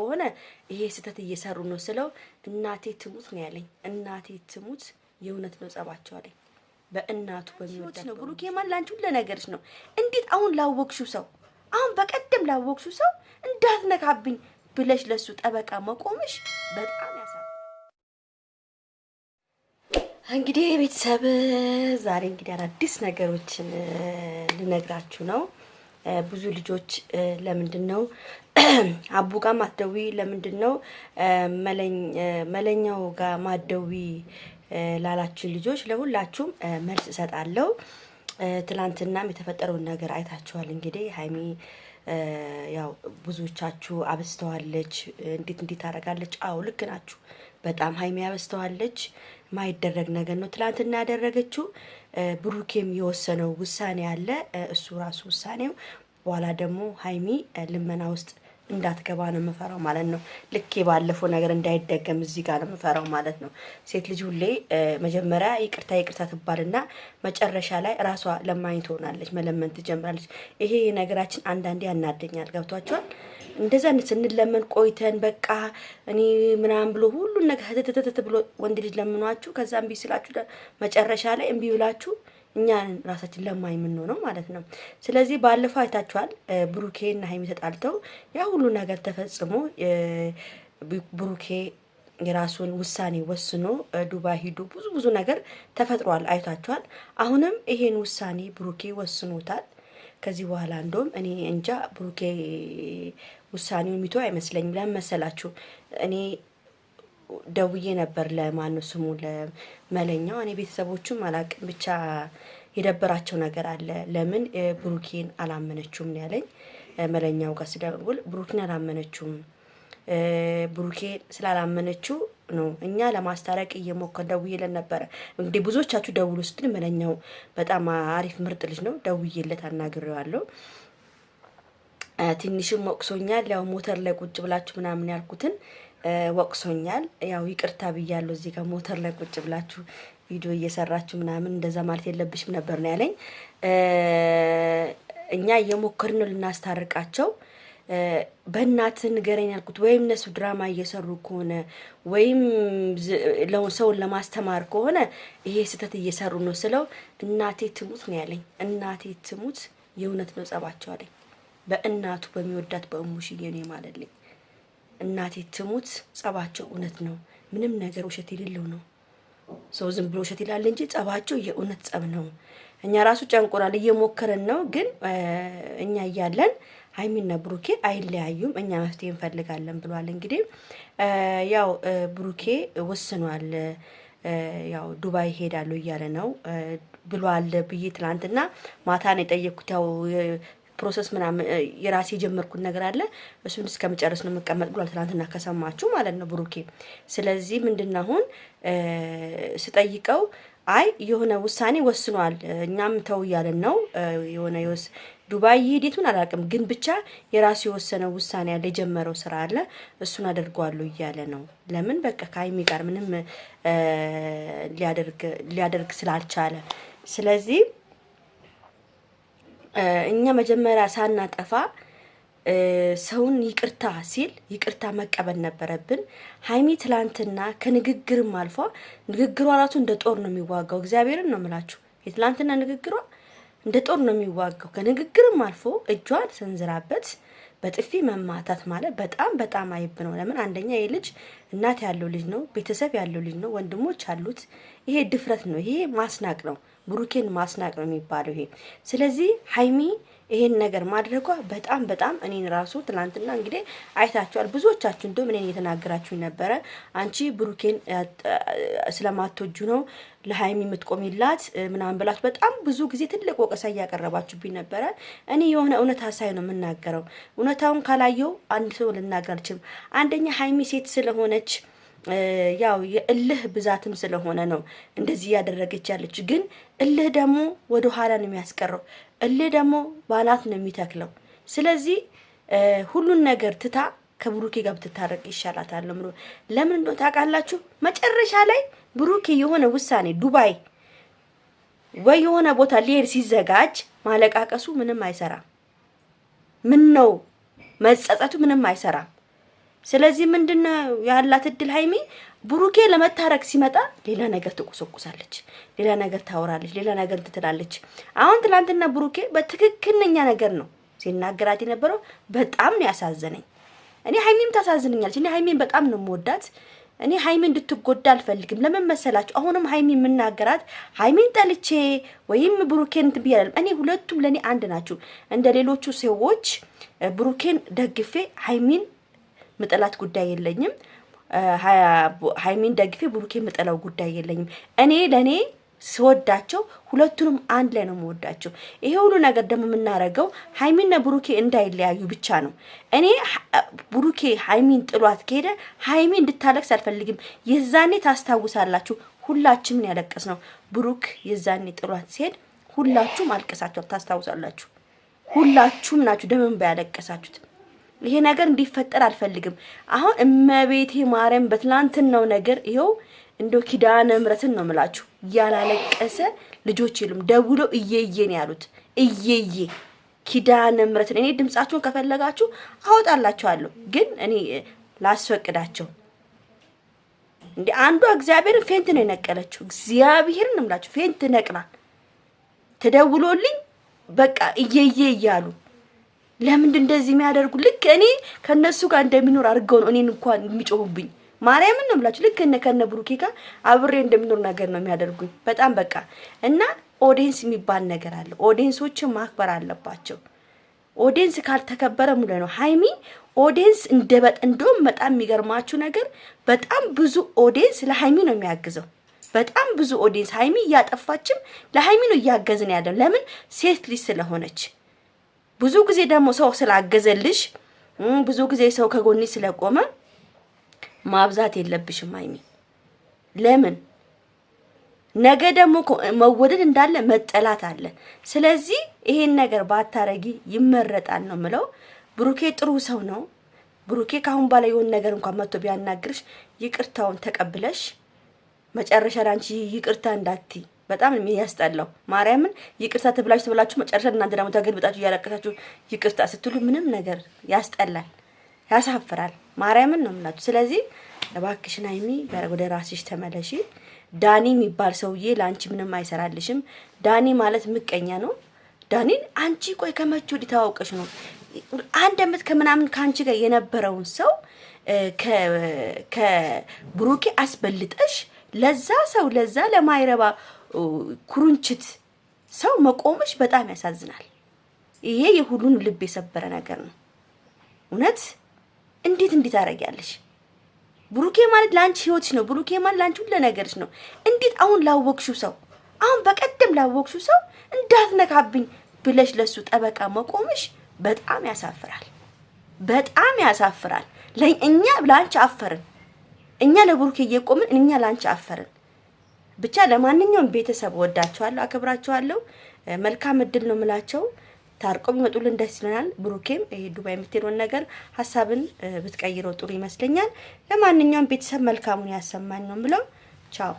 ከሆነ ይሄ ስህተት እየሰሩ ነው ስለው እናቴ ትሙት ነው ያለኝ። እናቴ ትሙት የእውነት ነው ጸባቸው አለኝ። በእናቱ በሚወድ ነው ብሩኬ ማለት ለአንቺ ሁሉ ነገርሽ ነው። እንዴት አሁን ላወቅሽው ሰው አሁን በቀደም ላወቅሽው ሰው እንዳትነካብኝ ብለሽ ለሱ ጠበቃ መቆምሽ በጣም ያሳ እንግዲህ ቤተሰብ ዛሬ እንግዲህ አዳዲስ ነገሮችን ልነግራችሁ ነው። ብዙ ልጆች ለምንድን ነው አቡ ጋር ማደዊ ለምንድን ነው መለኛው ጋር ማደዊ ላላችሁ ልጆች ለሁላችሁም መልስ እሰጣለሁ። ትላንትናም የተፈጠረውን ነገር አይታችኋል። እንግዲህ ሀይሚ ያው ብዙዎቻችሁ አበስተዋለች፣ እንዴት እንዴት ታደርጋለች? አዎ ልክ ናችሁ። በጣም ሀይሚ አበስተዋለች። ማይደረግ ነገር ነው ትላንትና ያደረገችው። ብሩኬም የወሰነው ውሳኔ አለ። እሱ ራሱ ውሳኔው በኋላ ደግሞ ሀይሚ ልመና ውስጥ እንዳትገባ ነው የምፈራው ማለት ነው። ልክ ባለፈው ነገር እንዳይደገም እዚህ ጋር ነው የምፈራው ማለት ነው። ሴት ልጅ ሁሌ መጀመሪያ ይቅርታ ይቅርታ ትባልና መጨረሻ ላይ ራሷ ለማኝ ትሆናለች፣ መለመን ትጀምራለች። ይሄ ነገራችን አንዳንዴ ያናደኛል። ገብቷቸዋል እንደዛ ስንለመን ቆይተን በቃ እኔ ምናምን ብሎ ሁሉን ነገር ህትትትት ብሎ ወንድ ልጅ ለምኗችሁ ከዛ እምቢ ስላችሁ መጨረሻ ላይ እምቢ ብላችሁ እኛ ራሳችን ለማኝ የምንሆነው ማለት ነው። ስለዚህ ባለፈው አይታችኋል ብሩኬና ሀይሚ ተጣልተው ያ ሁሉ ነገር ተፈጽሞ ብሩኬ የራሱን ውሳኔ ወስኖ ዱባይ ሂዱ ብዙ ብዙ ነገር ተፈጥሯል፣ አይታችኋል። አሁንም ይሄን ውሳኔ ብሩኬ ወስኖታል። ከዚህ በኋላ እንደውም እኔ እንጃ ብሩኬ ውሳኔው ሚቶ አይመስለኝም። ለምን መሰላችሁ? እኔ ደውዬ ነበር ለማነው ስሙ ለመለኛው። እኔ ቤተሰቦቹም አላቅም ብቻ የደበራቸው ነገር አለ። ለምን ብሩኬን አላመነችውም ነው ያለኝ። መለኛው ጋር ስደውል ብሩኬን አላመነችውም። ብሩኬን ስላላመነችው ነው እኛ ለማስታረቅ እየሞከር ደውዬለት ነበረ። እንግዲህ ብዙዎቻችሁ ደውሉ ስትል መለኛው በጣም አሪፍ ምርጥ ልጅ ነው። ደውዬለት አናግሬዋለሁ። ትንሽም ወቅሶኛል። ያው ሞተር ላይ ቁጭ ብላችሁ ምናምን ያልኩትን ወቅሶኛል። ያው ይቅርታ ብያለሁ። እዚህ ጋር ሞተር ላይ ቁጭ ብላችሁ ቪዲዮ እየሰራችሁ ምናምን እንደዛ ማለት የለብሽም ነበር ነው ያለኝ። እኛ እየሞከርን ልናስታርቃቸው በእናት ንገረኝ ያልኩት ወይም እነሱ ድራማ እየሰሩ ከሆነ ወይም ሰውን ለማስተማር ከሆነ ይሄ ስህተት እየሰሩ ነው ስለው እናቴ ትሙት ነው ያለኝ። እናቴ ትሙት የእውነት ነው ጸባቸው አለኝ። በእናቱ በሚወዳት በእሙሽዬ ነው የማለልኝ። እናቴ ትሙት፣ ጸባቸው እውነት ነው። ምንም ነገር ውሸት የሌለው ነው። ሰው ዝም ብሎ ውሸት ይላል እንጂ ጸባቸው የእውነት ጸብ ነው። እኛ ራሱ ጨንቁራል እየሞከረን ነው። ግን እኛ እያለን ሀይሚና ብሩኬ አይለያዩም፣ እኛ መፍትሄ እንፈልጋለን ብሏል። እንግዲህ ያው ብሩኬ ወስኗል። ያው ዱባይ ሄዳሉ እያለ ነው ብሏል ብዬ ትናንትና ማታ ነው የጠየቅኩት። ያው ፕሮሰስ ምናምን የራሴ የጀመርኩት ነገር አለ። እሱን እስከመጨረስ ነው የምቀመጥ ብሏል፣ ትናንትና ከሰማችሁ ማለት ነው ብሩኬ። ስለዚህ ምንድን አሁን ስጠይቀው አይ የሆነ ውሳኔ ወስኗል፣ እኛም ተው እያለን ነው። የሆነ የወስ ዱባይ ይሄድ አላቅም አላውቅም፣ ግን ብቻ የራሱ የወሰነ ውሳኔ አለ፣ የጀመረው ስራ አለ፣ እሱን አደርገዋለሁ እያለ ነው። ለምን በቃ ከሀይሚ ጋር ምንም ሊያደርግ ስላልቻለ ስለዚህ እኛ መጀመሪያ ሳናጠፋ ሰውን ይቅርታ ሲል ይቅርታ መቀበል ነበረብን። ሀይሚ ትላንትና ከንግግርም አልፏ ንግግሯ ራሱ እንደ ጦር ነው የሚዋጋው። እግዚአብሔርን ነው ምላችሁ። የትላንትና ንግግሯ እንደ ጦር ነው የሚዋጋው። ከንግግርም አልፎ እጇን ሰንዝራበት በጥፊ መማታት ማለት በጣም በጣም አይብ ነው። ለምን አንደኛ ይህ ልጅ እናት ያለው ልጅ ነው፣ ቤተሰብ ያለው ልጅ ነው፣ ወንድሞች አሉት። ይሄ ድፍረት ነው፣ ይሄ ማስናቅ ነው። ብሩኬን ማስናቅ ነው የሚባለው ይሄ። ስለዚህ ሀይሚ ይሄን ነገር ማድረጓ በጣም በጣም እኔን ራሱ ትናንትና እንግዲህ አይታችኋል። ብዙዎቻችሁ እንደውም እኔን እየተናገራችሁ ነበረ። አንቺ ብሩኬን ስለማትወጁ ነው ለሀይሚ የምትቆሚላት ምናምን ብላችሁ በጣም ብዙ ጊዜ ትልቅ ወቀሳ እያቀረባችሁብኝ ነበረ። እኔ የሆነ እውነት ሳይ ነው የምናገረው። እውነታውን ካላየው አንድ ሰው ልናገር አልችልም። አንደኛ ሀይሚ ሴት ስለሆነች ያው የእልህ ብዛትም ስለሆነ ነው እንደዚህ እያደረገች ያለች። ግን እልህ ደግሞ ወደ ኋላ ነው የሚያስቀረው። እልህ ደግሞ ባናት ነው የሚተክለው። ስለዚህ ሁሉን ነገር ትታ ከብሩኬ ጋር ብትታረቅ ይሻላታል። ምሮ ለምን እንደሆነ ታውቃላችሁ? መጨረሻ ላይ ብሩኬ የሆነ ውሳኔ ዱባይ ወይ የሆነ ቦታ ሊሄድ ሲዘጋጅ ማለቃቀሱ ምንም አይሰራም። ምን ነው መጸጸቱ ምንም አይሰራም። ስለዚህ ምንድነው ያላት እድል ሀይሚ ብሩኬ ለመታረቅ ሲመጣ ሌላ ነገር ትቆሰቁሳለች፣ ሌላ ነገር ታወራለች፣ ሌላ ነገር ትትላለች። አሁን ትናንትና ብሩኬ በትክክለኛ ነገር ነው ሲናገራት የነበረው። በጣም ነው ያሳዘነኝ። እኔ ሀይሚም ታሳዝንኛለች። እኔ ሀይሚን በጣም ነው የምወዳት። እኔ ሀይሚ እንድትጎዳ አልፈልግም። ለምን መሰላችሁ? አሁንም ሀይሚ የምናገራት ሀይሚን ጠልቼ ወይም ብሩኬን እንትን ብዬ እኔ ሁለቱም ለእኔ አንድ ናችሁ። እንደ ሌሎቹ ሰዎች ብሩኬን ደግፌ ሀይሚን ምጥላት ጉዳይ የለኝም። ሀይሚን ደግፌ ብሩኬ ምጥለው ጉዳይ የለኝም። እኔ ለእኔ ስወዳቸው ሁለቱንም አንድ ላይ ነው የምወዳቸው። ይሄ ሁሉ ነገር ደግሞ የምናደርገው ሀይሚና ብሩኬ እንዳይለያዩ ብቻ ነው። እኔ ብሩኬ ሀይሚን ጥሏት ከሄደ ሀይሚ እንድታለቅስ አልፈልግም። የዛኔ ታስታውሳላችሁ፣ ሁላችንን ያለቀስ ነው። ብሩክ የዛኔ ጥሏት ሲሄድ ሁላችሁም አልቀሳችሁ ታስታውሳላችሁ። ሁላችሁም ናችሁ ደመንባ ያለቀሳችሁት። ይሄ ነገር እንዲፈጠር አልፈልግም። አሁን እመቤቴ ማርያም በትላንትናው ነገር ይኸው እንደው ኪዳነ ምሕረትን ነው የምላችሁ ያላለቀሰ ልጆች የሉም። ደውሎ እየየ ነው ያሉት እየየ ኪዳነ ምሕረትን እኔ ድምጻችሁን ከፈለጋችሁ አወጣላችኋለሁ፣ ግን እኔ ላስፈቅዳቸው እንደ አንዷ እግዚአብሔርን ፌንት ነው የነቀለችው። እግዚአብሔርን እምላችሁ ፌንት ነቅላ ተደውሎልኝ በቃ እየየ እያሉ ለምንድን እንደዚህ የሚያደርጉ ልክ እኔ ከነሱ ጋር እንደሚኖር አድርገው ነው እኔን እንኳን የሚጮሁብኝ። ማርያምን ነው የምላችሁ። ልክ እነ ከነ ብሩኬ ጋር አብሬ እንደሚኖር ነገር ነው የሚያደርጉኝ። በጣም በቃ እና ኦዲንስ የሚባል ነገር አለ። ኦዲየንሶችን ማክበር አለባቸው። ኦዲንስ ካልተከበረ ሙሉ ነው። ሃይሚ ኦዲየንስ እንደበጥ እንደውም በጣም የሚገርማችሁ ነገር በጣም ብዙ ኦዲንስ ለሃይሚ ነው የሚያግዘው። በጣም ብዙ ኦዲየንስ ሃይሚ እያጠፋችም ለሃይሚ ነው እያገዝን ያለው። ለምን ሴት ልጅ ስለሆነች ብዙ ጊዜ ደግሞ ሰው ስላገዘልሽ፣ ብዙ ጊዜ ሰው ከጎኒ ስለቆመ ማብዛት የለብሽም አይሚ። ለምን ነገ ደግሞ መወደድ እንዳለ መጠላት አለ። ስለዚህ ይሄን ነገር ባታረጊ ይመረጣል ነው ምለው። ብሩኬ ጥሩ ሰው ነው። ብሩኬ ካሁን በኋላ የሆን ነገር እንኳን መጥቶ ቢያናግርሽ ይቅርታውን ተቀብለሽ መጨረሻ ላንቺ ይቅርታ እንዳትይ በጣም የሚያስጠላው ማርያምን ይቅርታ ትብላችሁ ትብላችሁ መጨረሻ እናንተ ደግሞ ተገልብጣችሁ እያለቀሳችሁ ይቅርታ ስትሉ ምንም ነገር ያስጠላል፣ ያሳፍራል። ማርያምን ነው የምላችሁ። ስለዚህ እባክሽን ሀይሚ ወደ ራስሽ ተመለሺ። ዳኒ የሚባል ሰውዬ ለአንቺ ምንም አይሰራልሽም። ዳኒ ማለት ምቀኛ ነው። ዳኒን አንቺ ቆይ ከመቼ ወዲህ ተዋውቀሽ ነው? አንድ አመት ከምናምን ከአንቺ ጋር የነበረውን ሰው ከብሩኬ አስበልጠሽ ለዛ ሰው ለዛ ለማይረባ ኩርንችት ሰው መቆምሽ በጣም ያሳዝናል። ይሄ የሁሉን ልብ የሰበረ ነገር ነው። እውነት እንዴት እንዴት አደርጊያለሽ? ብሩኬ ማለት ለአንቺ ህይወትሽ ነው። ብሩኬ ማለት ለአንቺ ሁሉ ነገርሽ ነው። እንዴት አሁን ላወቅሽው ሰው አሁን በቀደም ላወቅሽው ሰው እንዳትነካብኝ ብለሽ ለሱ ጠበቃ መቆምሽ በጣም ያሳፍራል። በጣም ያሳፍራል። እኛ ለአንቺ አፈርን። እኛ ለብሩኬ እየቆምን እኛ ለአንቺ አፈርን። ብቻ ለማንኛውም ቤተሰብ ወዳቸዋለሁ፣ አከብራቸዋለሁ። መልካም እድል ነው ምላቸው። ታርቆ ቢመጡልን ደስ ይለናል። ብሩኬም ዱባይ የምትሄደውን ነገር ሀሳብን ብትቀይረው ጥሩ ይመስለኛል። ለማንኛውም ቤተሰብ መልካሙን ያሰማኝ ነው ብለው ቻው